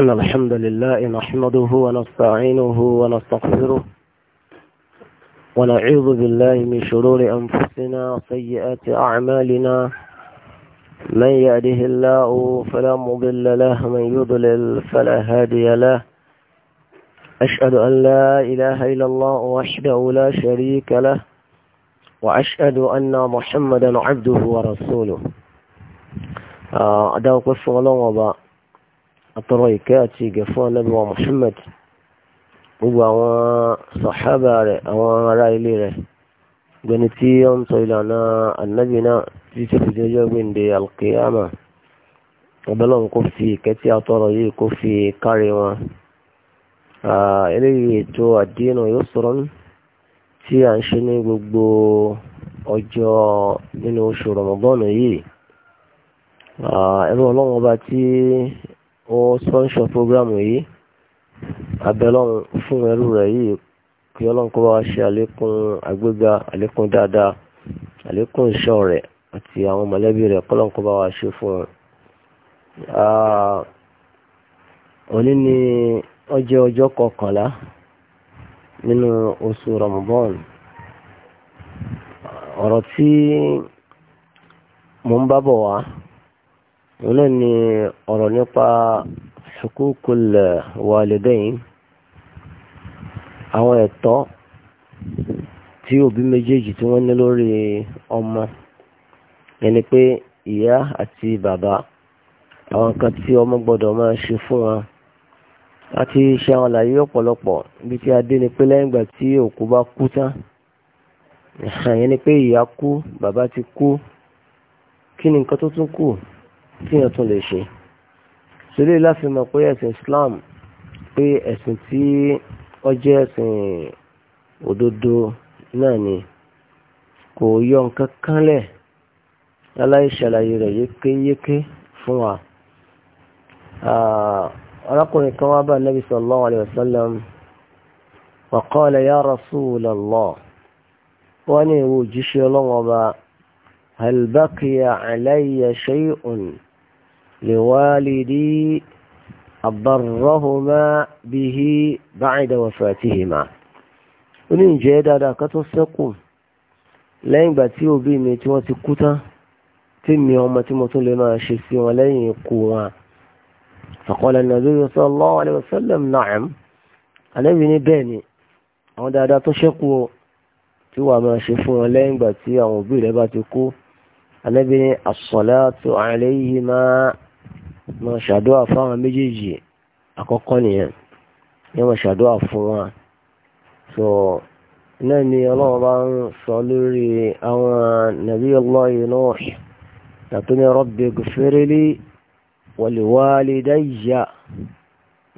إن الحمد لله نحمده ونستعينه ونستغفره ونعوذ بالله من شرور أنفسنا وسيئات أعمالنا من يأده الله فلا مضل له من يضلل فلا هادي له أشهد أن لا إله إلا الله وحده لا شريك له وأشهد أن محمدا عبده ورسوله آه، أدعوكم الله وبركاته atọ́rọ ìkẹ́ àti ìgẹ̀ fún ànábì wa Muhammad gbogbo àwọn sàhábà rẹ̀ àwọn ará ilé rẹ̀ gbẹni tí ó ń sọ ìlànà ànábì náà tí tí fi jẹ́jọ́ gbẹ̀ǹde alkiyama ọbẹ̀lọ́n kò fi ìkẹ́ tí atọ́rọ yìí kò fi kárí wọn eléyìí ètò àdínà yóò sọ̀rọ̀ tí a ń ṣe ní gbogbo ọjọ́ nínú oṣù Ramadan yìí ẹ̀rọ ọlọ́run ọba tí o sponsor program yìí abẹ́lọ́run fún ẹrú rẹ̀ yìí kí ọlọ́run kó bá ṣe àlékún àgbéga àlékún dáadáa àlékún ìṣọ́ rẹ̀ àti àwọn mọ̀lẹ́bí rẹ̀ bá ṣe fún òní ni ọjọ́ ọjọ́ kọkànlá nínú oṣù Ramadan ọ̀rọ̀ tí mo ń òun náà ni ọ̀rọ̀ nípa hukukul walidain àwọn ẹ̀tọ́ tí òbí méjèèjì tí wọ́n ní lórí ọmọ ẹni pé ìyá àti bàbá àwọn kan tí ọmọ gbọ́dọ̀ máa ṣe fún wọn láti ṣe àwọn àlàyé ọ̀pọ̀lọpọ̀ ibi tí a dé ni pé lẹ́yìn ìgbà tí òkú bá kú tán ìyẹn ni pé ìyá kú bàbá ti kú kí ni nǹkan tó tún kù tí yẹn tún lè ṣe ṣẹlẹ̀ láti mọ̀ pé ẹ̀sìn Islam pé ẹ̀sìn tí ó jẹ́ ẹ̀sìn òdodo náà ni kò yọ nǹkan kan lẹ̀ aláìṣàlàyé rẹ̀ yékéyéké fún wa arákùnrin kan wá bá Nabi sallallahu alayhi wa sallam wa qala ya Rasulallah wọ́n ní ìwò òjíṣẹ́ ọlọ́wọ́ ọba hal baqiya alayya shay'un لوالدي أضرهما به بعد وفاتهما ó ní ǹjẹ́ dáadáa kan tó ṣẹ́kù lẹ́yìn ìgbà tí òbí mi tí wọ́n ti kú tán tí mi ọmọ tí mo tún lè máa ṣe sí wọn lẹ́yìn ikú wọn فقال النبي صلى الله عليه وسلم نعم Ànábì ní bẹ́ẹ̀ ni àwọn dáadáa tó ṣẹ́kù tí wàá máa ṣe fún wọn lẹ́yìn ìgbà tí àwọn òbí rẹ̀ bá ti kú Ànábì ní الصلاة عليهما mọ ṣàdúrà fún àwọn méjèèjì àkọ́kọ́ nìyẹn yẹn mọ ṣàdúrà fún wa so náà ni ọlọ́run bá ń sọ lórí àwọn nàbí ọlọ́yìn náà tàtúní rabbi gfirli ولوالدي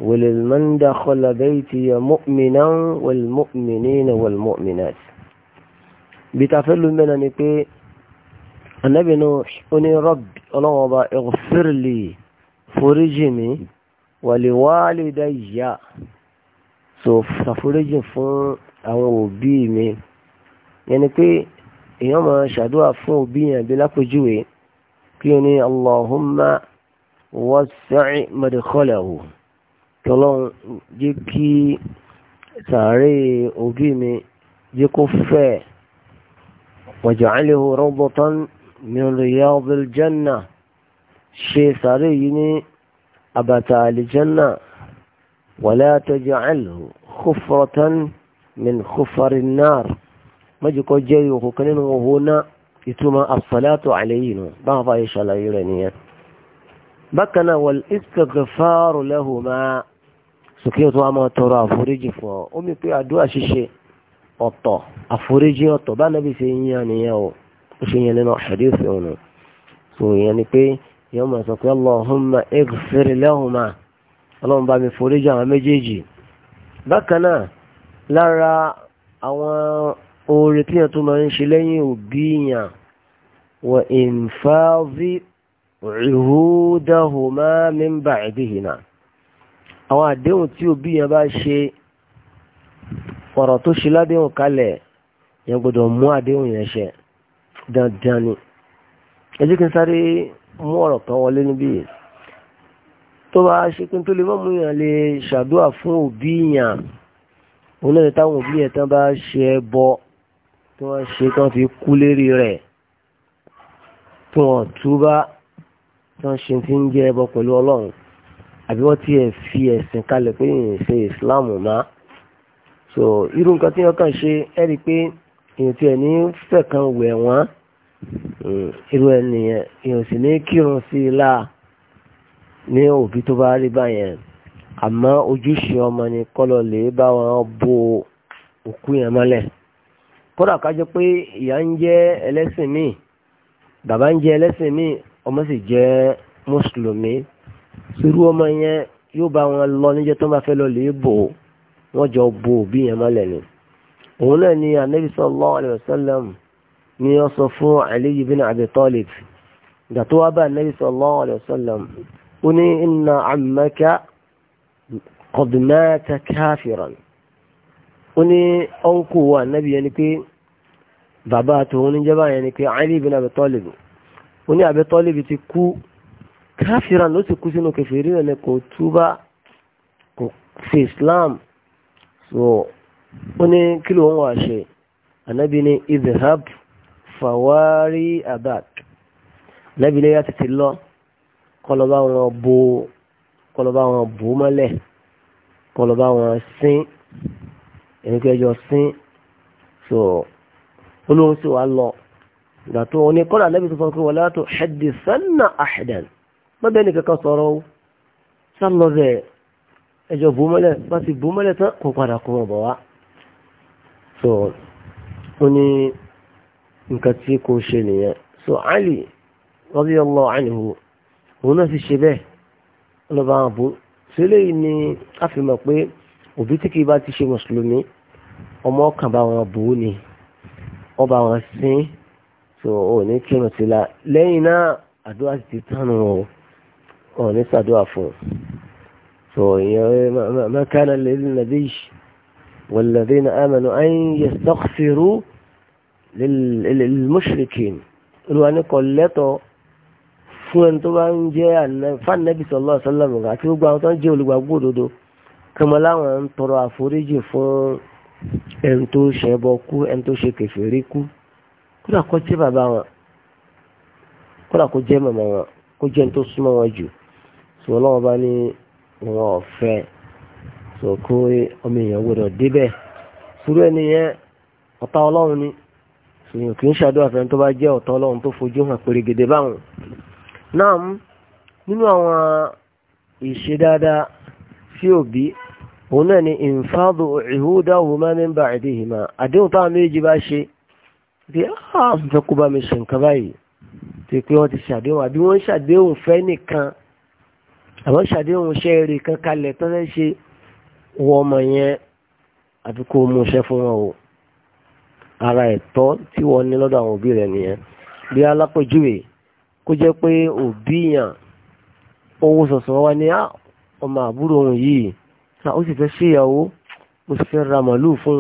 ولمن دخل بيتي مؤمنا والمؤمنين والمؤمنات بتفل من أنك النبي نوح أني رب الله اغفر لي foríjì mi wàlíwálìdáyà so ṣàforíjì fún àwọn òbí mi yẹn ni pé èèyàn máa ṣàdúrà fún òbí yẹn bí lápèjúwe kí ni allahumma wasi' madkhalahu kí ọlọ́run jẹ́ kí sàárè òbí mi jẹ́ kó fẹ̀ waj'alhu rawdatan min riyadil jannah ṣe sàárè yìí ní àbàtà àlìjánà wala taj'alhu khufratan min khufari an-nar mọ́jìkọ́ jẹ́ ìhòkò kan nínú òhò náà ìtumọ̀ as-salatu alayhi nù báwọn fàáyé ṣàlàyé rẹ̀ nìyẹn bákan náà wal istighfaru lahuma sókè tó wá máa tọrọ àforíjì fún ọ ó pé àdúrà ṣíṣe ọ̀tọ̀ àforíjì ọ̀tọ̀ bá nàbí ṣe yíyan nìyẹn o ó ṣe yẹn nínú hadith òun so ìyẹn ni pé yóò máa sọ pé Allahumma ighfir lahuma ọlọ́run bá mi foríjì àwọn méjèèjì bákan náà lára àwọn oore tí yẹn tó máa ń ṣe wa àwọn àdéhùn tí òbí yẹn bá ṣe ọ̀rọ̀ tó ṣe ládéhùn kalẹ̀ yẹn gbọ́dọ̀ mú àdéhùn yẹn ṣe dandan ni kí mú ọ̀rọ̀ kan wọlé níbí yìí tó bá ṣe pé tó lè mọ́ mú yàn lè ṣàdúrà fún òbí yàn òun náà táwọn òbí yẹn tán bá ṣe ẹbọ tí wọ́n ṣe tí fi kú lérí rẹ̀ tí wọ́n túbá tí wọ́n ṣe fi ń jẹ ẹbọ pẹ̀lú ọlọ́run àbí wọ́n ti fi ẹ̀sìn kalẹ̀ pé èèyàn ṣe ìsìláàmù má so irú nǹkan tí wọ́n kàn ṣe ẹ́ rí i pé èèyàn ti ẹ̀ ní fẹ̀kan wẹ̀ wọ́n irú ẹnìyẹn èèyàn sì ní kírun sí i láà ní òbí tó bá rí báyẹn àmọ́ ojúṣe ọmọ ni kọ́lọ̀ lè bá wọn bo òkú yẹn mọ́lẹ̀ kódà ká jẹ́ pé ìyá ń jẹ́ ẹlẹ́sìn míì bàbá ń jẹ́ ẹlẹ́sìn míì ọmọ sì jẹ́ mùsùlùmí sírú ọmọ yẹn yóò wọn lọ níjẹ́ tó máa fẹ́ lọ lè bò wọ́n jọ bo òbí yẹn mọ́lẹ̀ ni òun náà ni anabi ni ó sọ fún Ali ibn Abi Talib ìgbà tó wá bá Nabi sallallahu alayhi wa sallam ó ní inna ammaka qad mata kafiran ó ní ọ̀nkù wa Nabi yẹn ni pé bàbá tòun ní jẹ́bà yẹn ni pé Ali ibn Abi Talib ó ní Abi Talib ti kú káfíran ló ti kú sínú kẹfìrí rẹ̀ kò túbá kò fi islam so ó ní kí ló ń wà ṣe ànábi ní idhab fàwárí abak lẹ́bìlẹ́ yá tètè lọ kọlọ́bá wọn bo kọlọ́bá wọn bò mọ́lẹ̀ kọlọ́bá wọn sín ẹni kẹjọ sín so olóhùn sì wá lọ ìgbà tó wọn ni kọ́lá lẹ́bìí tó fọ́n kí wọ́n látò ṣẹ́dì sẹ́nà àṣẹ̀dẹ̀n bẹ́ẹ̀ ni kankan sọ̀rọ̀ o sálọ bẹ́ẹ̀ ẹjọ bò mọ́lẹ̀ bá ti bò mọ́lẹ̀ tán kò padà kó wọn bọ̀ wá so ó ní nǹkan tí kò ṣe so ali radiyallahu anhu òun náà sì ṣe bẹ́ẹ̀ ọlọ́ba àbò tí eléyìí ni a fi mọ̀ pé òbí tí kì í bá ti ṣe mùsùlùmí ọmọ ọkàn bá wọn bò ó ni ọba wọn sín so òní kírun ti la lẹ́yìn náà àdúrà ti ti tánu o òní sàdúrà fún so ìyẹn ma kana lil nabiy wal ladhina amanu an yastaghfiru. lilmushrikin olúwa ní fún tó bá ń jẹ́ fánàbí sọlọ́ àti gbogbo àwọn tó ń jẹ́ òdodo tọrọ àforíjì fún ẹni tó kú ẹni tó ṣe kú kódà kó jẹ́ bàbá wọn kódà kó jẹ́ màmá wọn kó jẹ́ ẹni tó súnmọ́ wọn jù bá èèyàn kì í ṣàdúrà fẹ́ni tó bá jẹ́ ọ̀tọ̀ ọlọ́run tó fojú hàn pèrègèdè báwọn náà nínú àwọn ìṣe dáadáa sí òbí òun náà ni ìǹfàdù ìhúdáhùmá min ba'dihima àdéhùn táwọn méjì bá ṣe bí ààfẹ́ ah, kó bá mi ṣe nǹkan báyìí tí pé wọ́n ti ṣàdéhùn àbí wọ́n ṣàdéhùn fẹ́ nìkan àbọ̀ ṣàdéhùn iṣẹ́ rẹ̀ kan kalẹ̀ tó fẹ́ ṣe wọ ọmọ yẹn àbí kó mú iṣẹ́ fún wọn o ara ẹ̀tọ́ tí wọ́n ní lọ́dọ̀ àwọn òbí rẹ̀ nìyẹn bí alápèjúwe kó jẹ́ pé òbí yàn owó sọ̀sọ̀ wá ní ah, ọmọ àbúrò òun yìí ah, ó sì fẹ́ ṣèyàwó mo sì fẹ́ ra màlúù fún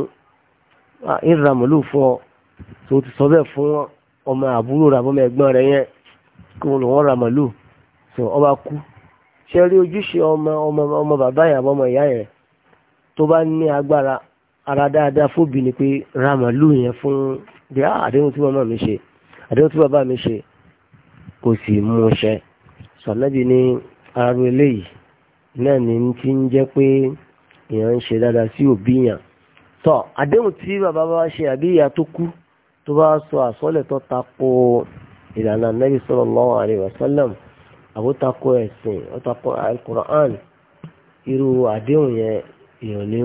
ah, ń ra màlúù fún ọ tó ti sọ bẹ́ẹ̀ fún ọmọ àbúrò rẹ̀ àbọ̀mọ ẹ̀gbọ́n rẹ̀ yẹn kí wọn lòun ra màlúù tó ọba kú ṣe rí ojúṣe ọmọ ọmọ bàbá yẹn àbọ̀mọ ìyá yẹn tó bá ní agbára ara dáadáa fóbi ni pé ra yẹn fún bí ah, àdéhùn tí màmá mi ṣe àdéhùn tí bàbá mi ṣe kò sì mú un ní aró eléyìí náà ní ti ń jẹ́ pé èèyàn ń ṣe dáadáa sí òbí tí bàbá bá ṣe àbí ìyá tó kú tó bá sọ tó ìlànà àbótakọ irú àdéhùn yẹn èèyàn ní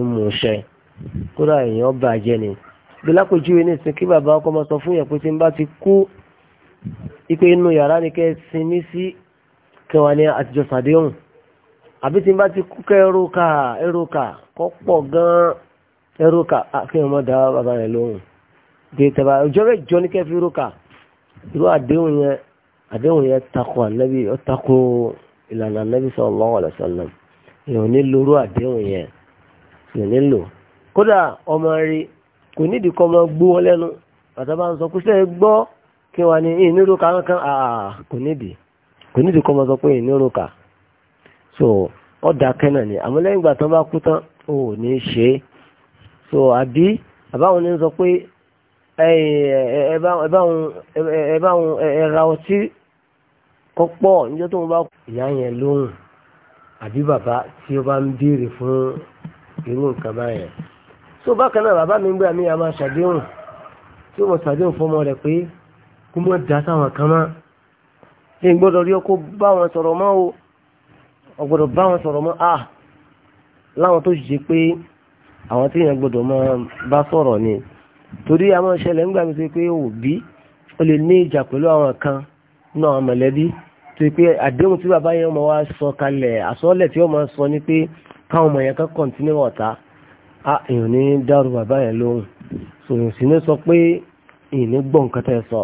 kódà èèyàn bàjẹ́ ni bí lápòjúwe ní ìsìn kí bàbá ọkọ máa sọ fún yẹn pé tí n bá ti kú ipe inú yàrá ni kẹ́ sinmi sí kí wọ́n ní àtijọ́ sàdéhùn àbí tí n bá ti kú kẹ́ ẹrúkà ẹrúkà kọ́ pọ̀ gan-an ẹrúkà kí wọ́n mọ̀ dá bàbá rẹ̀ lóhùn bí tẹ̀bà ọjọ́ rẹ̀ jọ ní kẹ́ fi ẹrúkà irú àdéhùn yẹn àdéhùn yẹn takò ànábì ó takò ìlànà ànábì sallallahu alaihi wasallam èèyàn nílò irú àdéhùn yẹn èèyàn nílò kódà ọmọ rí kò nídìí kọ́ ọmọ gbó wọn lẹ́nu àtàbà ń sọ pé ṣe gbọ́ kí wà ní ìnírò kankan àà kò nídìí kò nídìí kọ́ ọmọ sọ pé ìnírò kà so ọ̀dà kẹ́nà ni àmọ́ lẹ́yìn ìgbà tán bá kú tán ò ní ṣe é so àbí àbáwọn ní sọ pé ẹ̀báwọn ẹ̀ra ọtí kọ́pọ̀ níjọ́ tó ń bá ìyá yẹn lóhùn àbí bàbá tí ó bá ń béèrè fún irú nǹkan báyẹn so bákan náà bàbá mi ń gbé àmì àmà ṣàdéhùn tí ó mọ̀ ṣàdéhùn fọmọ rẹ̀ pé kó mọ̀ dá sáwọn kan mọ́ ṣé n gbọ́dọ̀ rí ọ bá wọn sọ̀rọ̀ mọ́ o ọ̀gbọ́dọ̀ bá wọn sọ̀rọ̀ mọ́ a ah! láwọn tó ṣe pé àwọn tí èèyàn gbọ́dọ̀ máa bá sọ̀rọ̀ ni torí àmọ́ ṣẹlẹ̀ ńgbà mi sọ pé òbí ó lè ní ìjà pẹ̀lú àwọn kan nínú àwọn mọ̀lẹ́bí tó pé àdéhùn tí bàbá yẹn mọ̀ wá sọ kalẹ̀ àsọ́lẹ̀ tí ó máa sọ ni pé káwọn ọmọ yẹn kan kọ̀ǹtínú ọ̀tá a èèyàn ní dárú bàbá yẹn lóhùn sòrò sí ní sọ pé èèyàn ní gbọ́ nǹkan tẹ́ sọ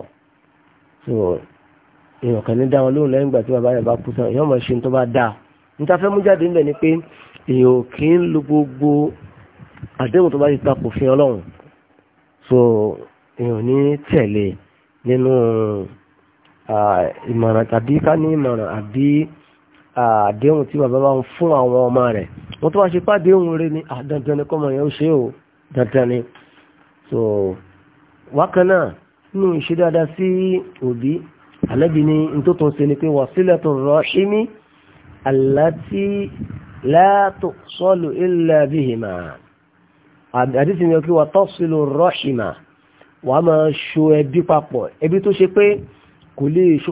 sòrò èèyàn kan ní dá wọn lóhùn lẹ́yìn ìgbà tí bàbá yẹn bá kú tán èèyàn mọ̀ ṣe tó bá dáa níta fẹ́ mú jáde níbẹ̀ ni pé èèyàn ò kí ń lo gbogbo àdéhùn tó bá yípa kò fi ọlọ́run so èèyàn ní tẹ̀lé nínú ìmọ̀ràn tàbí ká ní ìmọ̀ràn àbí àdéhùn tí bàbá bá ń fún àwọn ọmọ rẹ̀ wọ́n tó wá ṣe pàdéhùn rẹ̀ ní ah, dandan ni kọ́mọ yẹn ó ṣe o dandan ni so wákan náà nínú ìṣe dáadáa sí òbí ànábì ni n tó tún ṣe ni pé wasilatur rahimi allati la tusalu illa bihima àdísì ni ọkí wa tasilu rahima wàá máa ṣo ẹbí papọ̀ ẹbí tó ṣe pé kò lè ṣó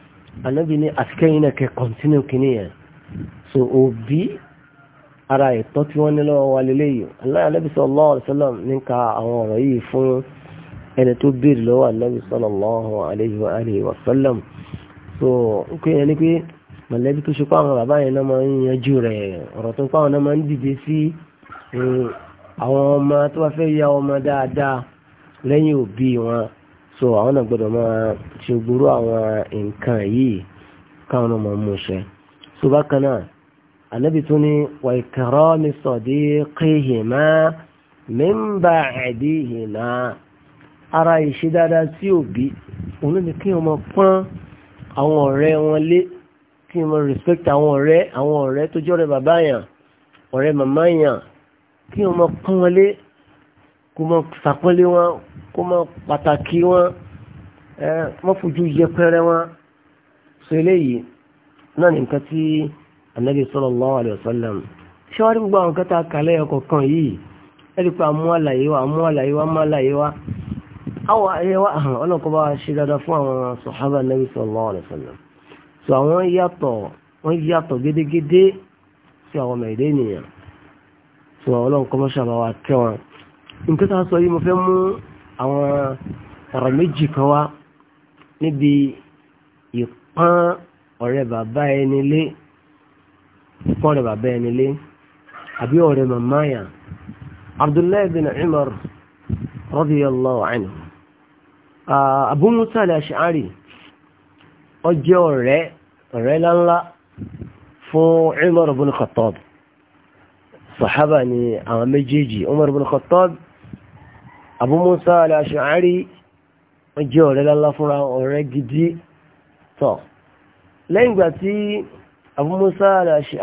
anábì ní àtikẹ́yìn náà kẹ́ so obi ara ìtọ́ tí wọ́n ní lọ́wọ́ wa sallallahu alaihi wasallam ka àwọn ọ̀rọ̀ yìí fún ẹni tó béèrè lọ́wọ́ anábì sallallahu alaihi so n kò yẹn ni pé mọ̀lẹ́bí tó ṣe pé àwọn bàbá yẹn náà máa ń yanjú rẹ̀ pa àwọn náà máa ń dìde sí eh, àwọn ọmọ so àwọn náà gbọ́dọ̀ máa ṣe gbúrú àwọn nǹkan yìí káwọn náà máa mú ṣe so bákan náà ànábì tún ní wà ikrami sadiqihima min ba'dihima ara ìṣe dáadáa tí òbí òun ní kí àwọn ọ̀rẹ́ wọn lé kí wọ́n máa respect àwọn ọ̀rẹ́ àwọn ọ̀rẹ́ tó jọ́rẹ́ bàbá yàn ọ̀rẹ́ màmá yàn kí wọ́n máa pọ́n wọn lé kuma má sàpọ́nlé patakiwa kó má pàtàkì wọn ẹ má fojú yẹpẹrẹ wọn sọ eléyìí náà sallallahu alayhi wa sallam ṣọ́wárí gbogbo àwọn kẹta kàlẹ́ ya kan yìí ẹ̀rí pé àmú àlàyé wa àmú àlàyé wa má àlàyé wa àwọn ayé wa hàn ọlọ́kọ̀ bá nabi sallallahu alayhi wa sallam wa nǹkan tá a sọ yìí mo fẹ́ mú àwọn ọ̀rọ̀ méjì kan wá níbi ìpọ́n ọ̀rẹ́ bàbá ẹni lé ìpọ́n ọ̀rẹ́ bàbá ẹni lé àbí ọ̀rẹ́ màmá yà Abdullahi bin Umar radiyallahu anhu Abu Musa al-Ash'ari ó ọ̀rẹ́ ọ̀rẹ́ láńlá fún Umar bin Khattab sahaba ni àwọn méjèèjì Umar bin Khattab Abu Musa al-Ash'ari wọ́n jẹ́ ọ̀rẹ́ lálá fúnra ọ̀rẹ́ gidi tọ̀ lẹ́yìn ìgbà tí Abu Musa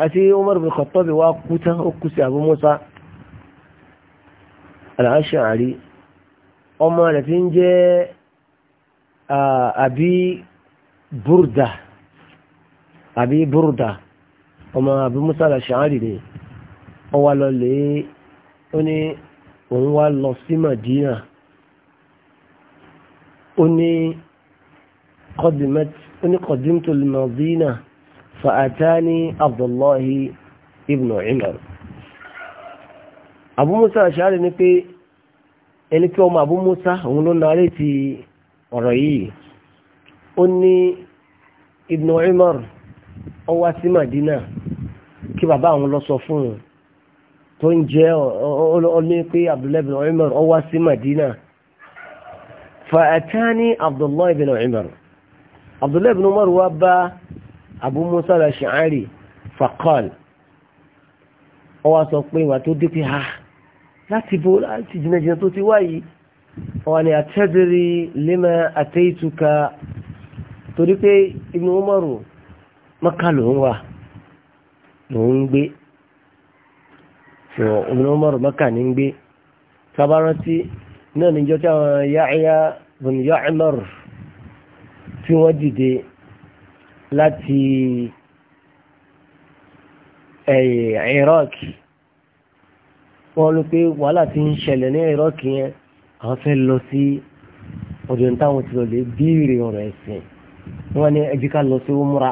àti Umar bin Khattab wá kú tán ó kú sí Abu Musa al ọmọ rẹ̀ ti ń jẹ́ àbí Burda àbí Burda ọmọ Abu Musa al-Ash'ari ni ó wá lọ lè ó ní òun wá lọ sí Madina ó ní qadimtu al-Madina fa'atani Abdullahi ibn Umar Abu Musa Ash'ari ní pé ẹni kí ọmọ Abu Musa òun ló narí ti ọ̀rọ̀ yìí ó ní ibn Umar ó sí Madina kí bàbá àwọn lọ sọ fún un tó ń jẹ́ ọlọ́ní pé abdullahi bin umar ó wá sí madina fa'atani abdullahi bin umar abdullahi bin umar wá bá abu musa al-ash'ari faqal ó wá sọ pé wà tó dé pé ha ah, láti bó láti jìnnàjìnnà tó ti wáyìí wọ́n ni àtẹ́dìrí lima àtẹ́ìtùka torí pé ibn umaru maka lòun lòun gbé so Ibn Umar maka ní ń gbé sábàrántí náà níjọ́ tí àwọn Yahya bin Ya'mar tí wọ́n dìde láti Iraq wọ́n ló pé wàhálà ti ń ṣẹlẹ̀ ní Iraq yẹn àwọn fẹ́ lọ sí ọdún táwọn ti lọ lè bíire ọ̀rọ̀ ẹ̀sìn wọ́n ní ẹbí ká lọ sí umra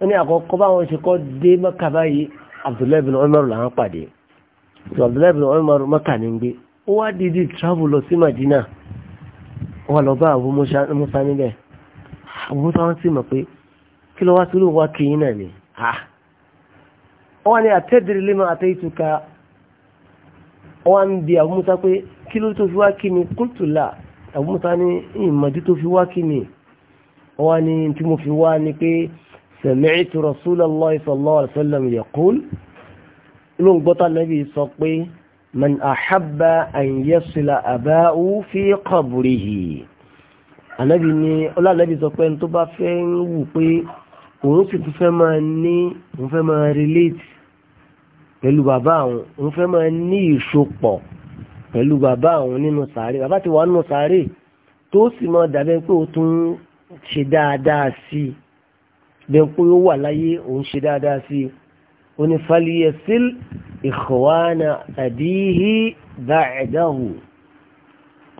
wọ́n ní àkọ́kọ́ báwọn ṣe kọ́ dé Mẹ́kà báyìí Abdullahi bin Umar làwọn pàdé tó abdullahi bin umar maka ní gbé ó wá dídí travel lọ sí madina ó wá lọ bá abu musa níbẹ̀ abu musa wọn sì mọ̀ pé kí ló wá sí olóhùn wá kéyìn náà ni ó wá ní àtẹ́dìrí lé máa àtẹ́ ìtúka ó wá ń bi abu musa pé kí ló tó fi wá kí ni kúntùlà abu ní ìmọ̀dí tó fi wá kí ni ó ní tí mo fi wá ni pé sami'tu rasulallah sallallahu alaihi wasallam inú gbọ́tà nàbí sọ pé man àhábà àyẹ́sìlá àbáwú fi qabrihi ànábì ni ọlọ́ànábì sọ pé tó bá fẹ́ ń wù pé òun sì tún fẹ́ máa ní òun fẹ́ máa relate pẹ̀lú bàbá àwọn òun fẹ́ máa ní ìṣopọ̀ pẹ̀lú bàbá àwọn nínú sàárè bàbá ti wà nínú sàárè tó sì máa dàbẹ́ pé ó tún ṣe dáadáa sí i bẹ́ẹ̀ pé ó wà láyé òun ṣe dáadáa sí i oní faliyasil ìkọ̀wánà àdíhì báyìdáhù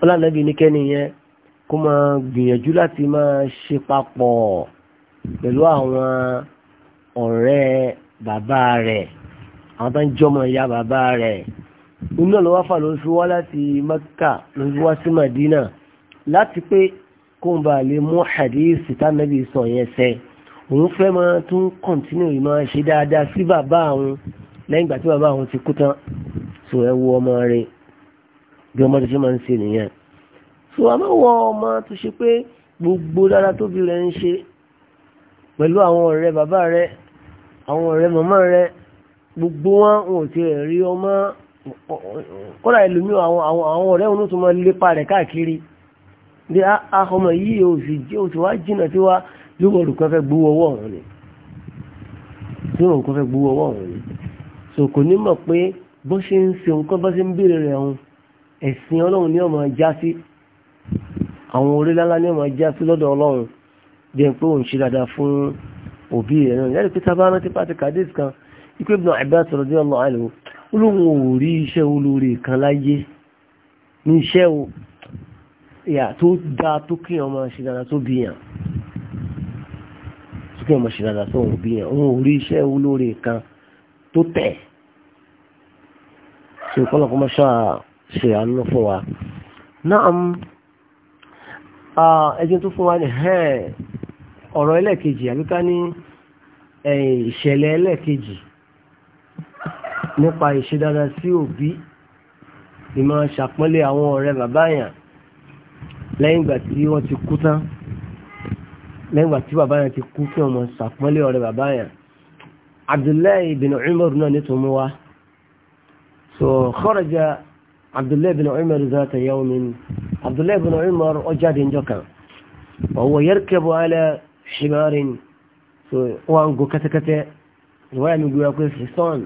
ọlànàbí ní kẹ́niyẹn kó máa gbìyànjú láti máa ṣe papọ̀ pẹ̀lú àwọn ọ̀rẹ́ bàbá rẹ̀ àwọn tó ń jọmọ ìyá bàbá rẹ̀ inú ọ̀nà wáfà ló fi wá láti Mẹ́kà ló fi wá sí Madina láti pé kó ń bà lè mú hadith tánàbí sọ yẹn sẹ́yìn òun fẹ́ máa tún kọ̀ntínú ìmọ̀ ṣe dáadáa sí bàbá àwọn lẹ́yìn ìgbà tí bàbá àwọn ti kú tán so ẹ wo ọmọ rẹ bí ọmọ tó ṣe máa ń ṣe nìyẹn so a máa wọ ọmọ tó ṣe pé gbogbo dára tóbi rẹ ń ṣe pẹ̀lú àwọn ọ̀rẹ́ bàbá rẹ àwọn ọ̀rẹ́ màmá rẹ gbogbo wọn wọn ò ti rí ọmọ kọ́dà ìlúmi àwọn ọ̀rẹ́ òun tó máa lépa rẹ̀ káàkiri bí ah, ah, ọmọ yìí ò sì wá jìnnà sí wa yóò wọ́n olùkọ́ fẹ́ gbówó ọwọ́ ọ̀run ni yóò wọ́n olùkọ́ fẹ́ ni so kò ní mọ̀ pé bó ṣe ń ṣe nǹkan bó ṣe ń béèrè rẹ̀ ọ̀hún ẹ̀sìn ọlọ́run ní ọmọ ajá sí àwọn orílẹ̀-èdè ní ọmọ ajá sí lọ́dọ̀ ọlọ́run jẹ́ pé òun ṣe dáadáa fún òbí rẹ̀ náà lẹ́yìn pé tábà rántí pàtí kàdís kan ikú ibùdó Abbas radiyallahu anhu olóhùn ò rí iṣẹ́ olóore kan láyé ní iṣẹ́ ìyà sókè ọmọ ṣe dáadáa sóhun òbí yẹn òun ò rí iṣẹ́ olóore kan tó tẹ̀ ṣe kọ́nà kó máa ṣe àánú fún wa náà ẹjẹ́ tó fún wa ní ọ̀rọ̀ ẹlẹ́ẹ̀kejì àbíká ní ìṣẹ̀lẹ̀ ẹlẹ́ẹ̀kejì nípa ìṣe dáadáa sí òbí ìmọ̀ ṣàpọ́nlé àwọn ọ̀rẹ́ bàbá yàn lẹ́yìn ìgbà tí wọ́n ti kú tán lẹ́yìn àti bàbá yẹn ti kú kí ọmọ sàpọ́nlé ọ̀rẹ́ bàbá yẹn abdullahi bin umar náà ní tòun wá so kharaja abdullahi bin umar zata yawmin abdullahi bin umar ó jáde njọ́ kan wa huwa yarkabu ala so wọ́n ń go kẹ́tẹ́kẹ́tẹ́ ìwáyà mi gbé wa pé fìsọ́n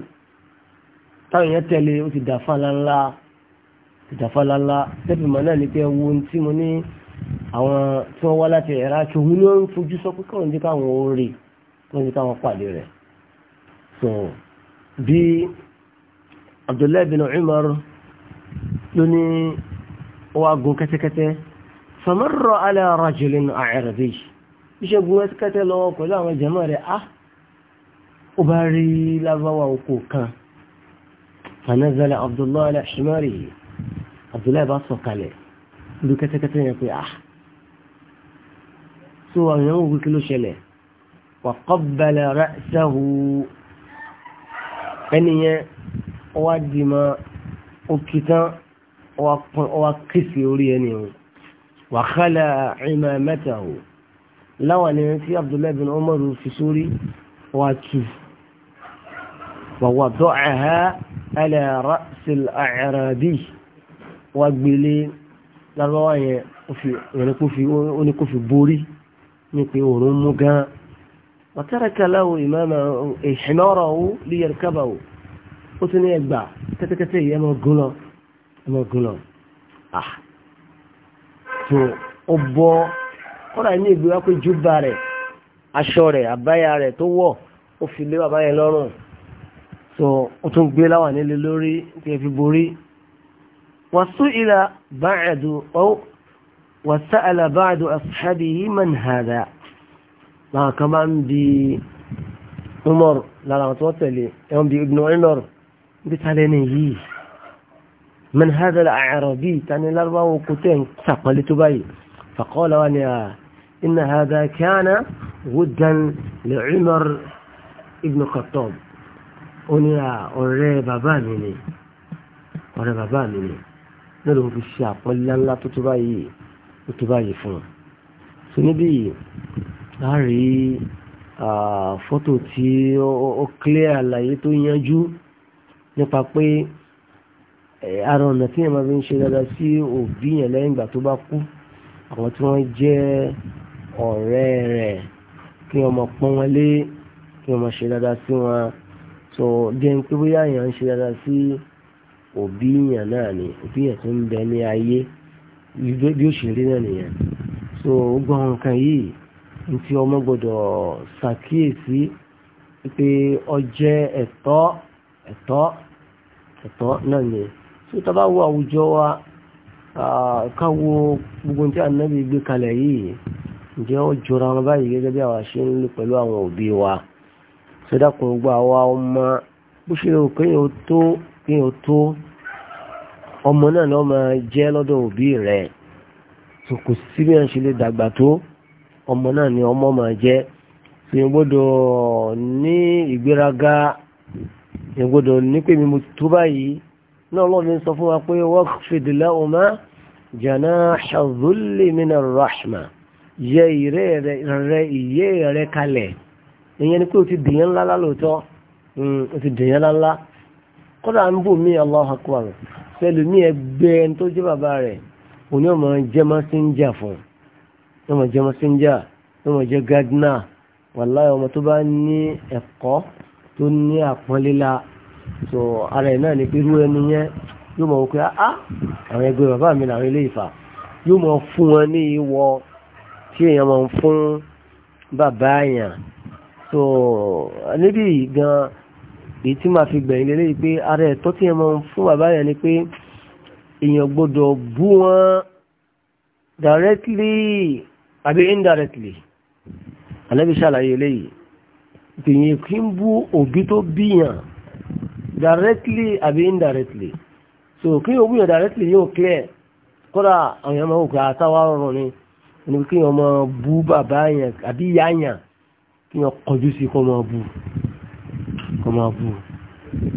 táwọn yẹn tẹ̀lé ó ti dàfà lánlá ti dàfà lánlá tẹ́fì mọ́ náà ní pé wo ohun mo ní àwọn tí wọ́n wá láti ẹ̀rá tí òun ló ń fojú sọ pé káwọn káwọn ó rí káwọn káwọn pàdé rẹ̀ so bí Abdullahi bin Umar ló ní wá gun kẹ́tẹ́kẹ́tẹ́ famarra ala rajulin a'rabi iṣẹ́ gun kẹ́tẹ́kẹ́tẹ́ lọ́wọ́ pẹ̀lú àwọn jẹ́mọ́ rẹ̀ ah ó bá rí lábáwá oko kan fanazala Abdullahi ala himarihi Abdullahi bá sọ̀kalẹ̀ lórí kẹ́tẹ́kẹ́tẹ́ yẹn pé ah so àwọn èèyàn òkú kí ló ṣẹlẹ̀ waqabbala ra'sahu ẹniyẹn wá di ma òkè tán wá kìsì orí ẹni o wa khala' imamatahu láwọn ni tí Abdullahi bin fi sórí wá tù wa wada'aha ala ra'sil a'rabi wá gbélé lárúbáwá yẹn ó ní kó fi borí ní pé òórùn mú gan ọ̀tẹ́rẹ̀kẹ́ aláwọ̀ ìmáàmà ìṣìnọ́rọ̀ ó lè yẹ kábà ó ó tún ní ẹgbà kẹ́tẹ́kẹ́tẹ́ yìí ẹmọ gún lọ ẹmọ gún lọ ah tó ó bọ́ kọ́ra ní ìgbé wá pé júbà rẹ̀ aṣọ rẹ̀ àbáyà rẹ̀ tó wọ̀ ó fi lé bàbá yẹn lọ́rùn so ó tún gbé láwà nílé lórí tí ẹ fi borí wàásù ìlà báyàdù ọ́ وسأل بعض أصحابه من هذا ما كمان بي عمر لا لا توتلي يوم بي ابن عمر قلت عليني من هذا الأعرابي يعني الأربعة وقتين سقلت بي فقال وانيا إن هذا كان ودا لعمر ابن الخطاب وانيا أري بابا مني أري بابا مني نلوم في الشاق ولا لا تتبعي ó tó fún un so níbí yìí a rí fọ́tò tí ó clear àlàyé tó yanjú nípa pé ara ọ̀nà tí èèyàn máa fi ń ṣe dáadáa sí òbí yẹn lẹ́yìn ìgbà tó bá kú àwọn tí wọ́n jẹ́ ọ̀rẹ́ rẹ̀ kí wọ́n máa pọ́n wọn lé kí wọ́n máa ṣe dáadáa sí wọn so jẹun pé bóyá èèyàn ń ṣe dáadáa sí òbí yẹn náà ni òbí yẹn tó ń bẹ ní ayé bí ó ṣe rí náà nìyẹn so gbọ́n nǹkan yìí ní tí ọmọ gbọ́dọ̀ ṣàkíyèsí pé ọjẹ́ ẹ̀tọ́ ẹ̀tọ́ ẹ̀tọ́ náà ni so tá bá wo àwùjọ wa ká wo gbogbo tí ànábì gbé kalẹ̀ yìí ǹjẹ́ ó jọra wọn báyìí gẹ́gẹ́ bí àwa ṣe ń lò pẹ̀lú àwọn òbí wa sódà kan gbọ́ àwa ọmọ bó ṣe rò kéèyàn tó kéèyàn tó ọmọ náà lọ́ máa jẹ́ lọ́dọ̀ òbí rẹ̀ tó kò sí bí wọ́n ṣe lè dàgbà tó ọmọ náà ni ọmọ máa jẹ́ èèyàn gbọ́dọ̀ ní ìgbéraga èèyàn ní pé mi mo tó báyìí náà lọ́ọ̀ mi sọ fún rahma yẹ ìrẹ́ rẹ ìyẹ́ rẹ kalẹ̀ ìyẹn ni pé o ti dìyàn ńlá lálòótọ́ hmm, o ti dìyàn ńlá kódà ẹlòmíì ẹgbẹ́ ẹni tó jẹ́ bàbá rẹ̀ òní ọmọ jẹ́ mọ́sẹ́ńjà fún ọmọ jẹ́ mọ́sẹ́ńjà ọmọ jẹ́ gádínà wàláyé ọmọ tó bá ní ẹ̀kọ́ tó ní àpọ́nlélá so ara ẹ̀ náà ní pé irú ẹni yẹn yóò mọ̀ wípé á ah, àwọn ẹgbẹ́ bàbá mi làwọn ilé ìfà yóò mọ̀ fún wọn ní ìwọ tí èèyàn mọ̀ fún bàbá èèyàn so níbi gan-an èyí tí màá fi gbẹ̀yìn lélẹ́yìí pé ara ẹ̀tọ́ tí ẹ máa fún bàbá yẹn ni pé èèyàn gbọ́dọ̀ bú wọn directly àbí indirectly ànábi ṣàlàyé eléyìí èèyàn kì í bú òbí tó bíyàn directly àbí indirectly so kí ni òbí yẹn directly yóò clear kódà àwọn yẹn máa àtàwọn ọrùn ni ẹni kí yẹn máa bú bàbá yẹn àbí ìyá kí yẹn kọjú sí kó máa bú kọ́ máa bù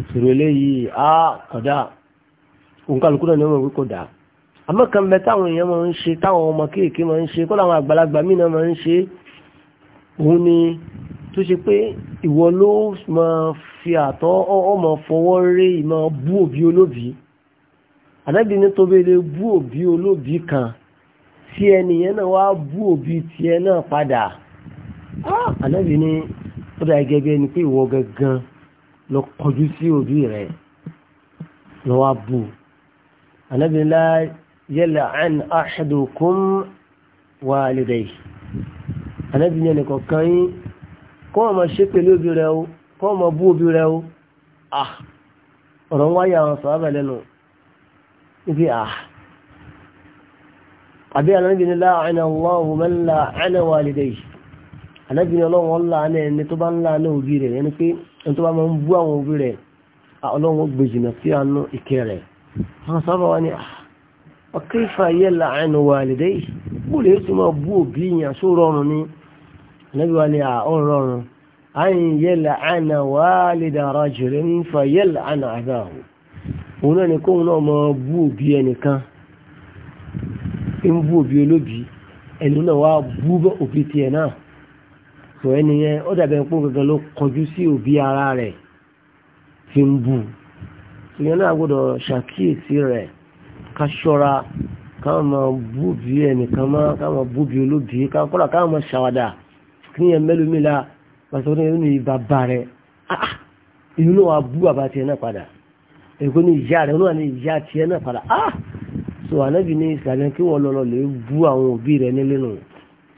ìṣòro eléyìí a kọ̀dá òǹkàlùkù náà ni wọ́n wí kọ̀dá àmọ́ kan bẹ táwọn èèyàn máa ń ṣe táwọn ọmọ kéèké máa ń ṣe kọ́ làwọn àgbàlagbà míì náà máa ń ṣe òun ni tó ṣe pé ìwọ ló máa fi àtọ́ ọmọ fọwọ́ rí ìmọ̀ bú òbí olóbì àdábì ní tó bẹ́ẹ̀ lè bú òbí olóbì kan tí ẹnìyẹn náà wá bú òbí tiẹ̀ náà padà àdábì ní ó dà gẹ́gẹ́ ni pé ìwọ gangan lọ kọjú sí òbí rẹ̀ lọ wá bù Ànábì la yal'an ahadukum walidayhi Ànábì yẹn nìkan kan yín kọ́ ọmọ ṣe pẹ̀lú òbí rẹ̀ o kọ́ ọmọ bú òbí rẹ̀ o ah ọ̀rọ̀ ń wáyé àwọn sọ̀rọ̀ lẹ́nu níbi ah àbí Ànábì ni la'ana Allahu man la'ana ànábì ni ọlọ́run ọ̀la ní ẹni tó bá ń la ní òbí rẹ̀ ẹni pé ẹni tó bá máa ń bú àwọn òbí rẹ̀ ọlọ́run gbé jìnà sí àánú ìkẹ́ rẹ̀ wọn sábà wá ní ọkẹ́ ìfà yẹ làánú wà lédè yìí bó lè ti máa bú òbí yàn ni ànábì ah, wa ni ni kóun náà máa bú òbí ẹnìkan náà sọ ẹni yẹn ó dàbẹ̀ pé gangan ló kọjú sí òbí ara rẹ̀ fi ń bù ìyẹn náà gbọ́dọ̀ ṣàkíyèsí rẹ̀ ká ṣọ́ra káwọn máa búbi ẹnìkan mọ́ káwọn máa búbi olóbi káwọn kọ́ra káwọn máa ṣàwàdà kí yẹn mẹ́lòmí la pàṣẹ wọn ní bàbá rẹ̀ ah, ah, ah! so ànábì ní ìsàlẹ̀ kí wọ́n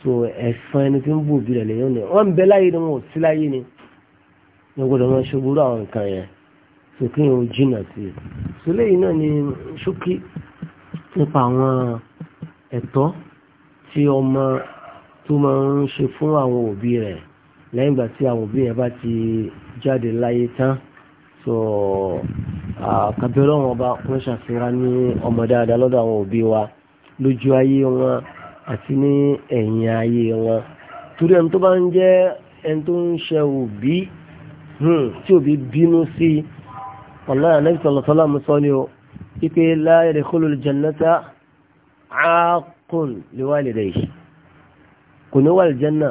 so ẹ̀fọn ẹni tí ń bù bí rẹ̀ lèyàn ni wọ́n ń bẹ láyé ni wọn ò sí láyé ni wọ́n gbọ́dọ̀ máa ṣògbóró àwọn nǹkan yẹn so kí yẹn ò jìnà sí i so lẹ́yìn náà ni ṣókí nípa àwọn ẹ̀tọ́ tí ọmọ tó máa ń ṣe fún àwọn òbí rẹ̀ lẹ́yìn ìgbà tí àwọn òbí yẹn bá ti jáde láyé tán so àkàbẹ̀rẹ̀ wọn bá kún ṣàfihàn ní ọmọ dáadáa lọ́dọ̀ àwọn òbí wa lójú ayé wọn àti ní ẹ̀yìn ayé wọn torí ẹni tó bá ń jẹ́ ẹni tó ń ṣe òbí hmm, tí òbí bínú sí ọ̀la ànábì sallallahu alaihi wasallam sọ ni o wípé la yadkhulul jannata aaqun liwalidayhi kò ní wà aljanna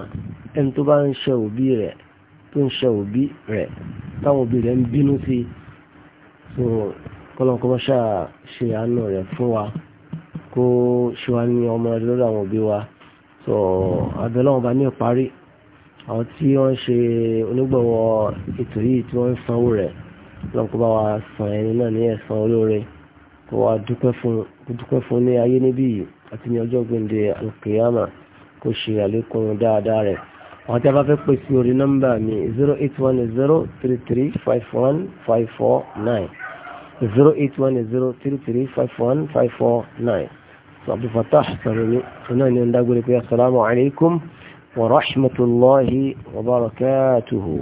ẹni tó bá ń ṣe òbí rẹ̀ tó ń ṣe òbí rẹ̀ táwọn òbí rẹ̀ ń bínú sí so ṣe àánú rẹ̀ fún wa kó ṣe wá ní ọmọ rẹ lọ́dọ̀ àwọn òbí wa tó abẹ́lẹ́ wọn bá ní ìparí àwọn tí wọ́n ṣe onígbọ̀wọ́ ètò yìí tí wọ́n ń sanwó rẹ̀ lọ́n kó bá wa san ẹni náà ní ẹ̀san olóore kó wa dúpẹ́ fún dúpẹ́ fún ní ayé níbí yìí àti ní ọjọ́ gbèǹde alùkìyàmà kó ṣe àlékún dáadáa rẹ̀ àwọn tí a bá fẹ́ pè sí orí nọ́mbà mi zero eight one zero three three five one five four nine zero eight one zero three three five one five four nine. عبد الفتاح فنان نداقول السلام عليكم ورحمة الله وبركاته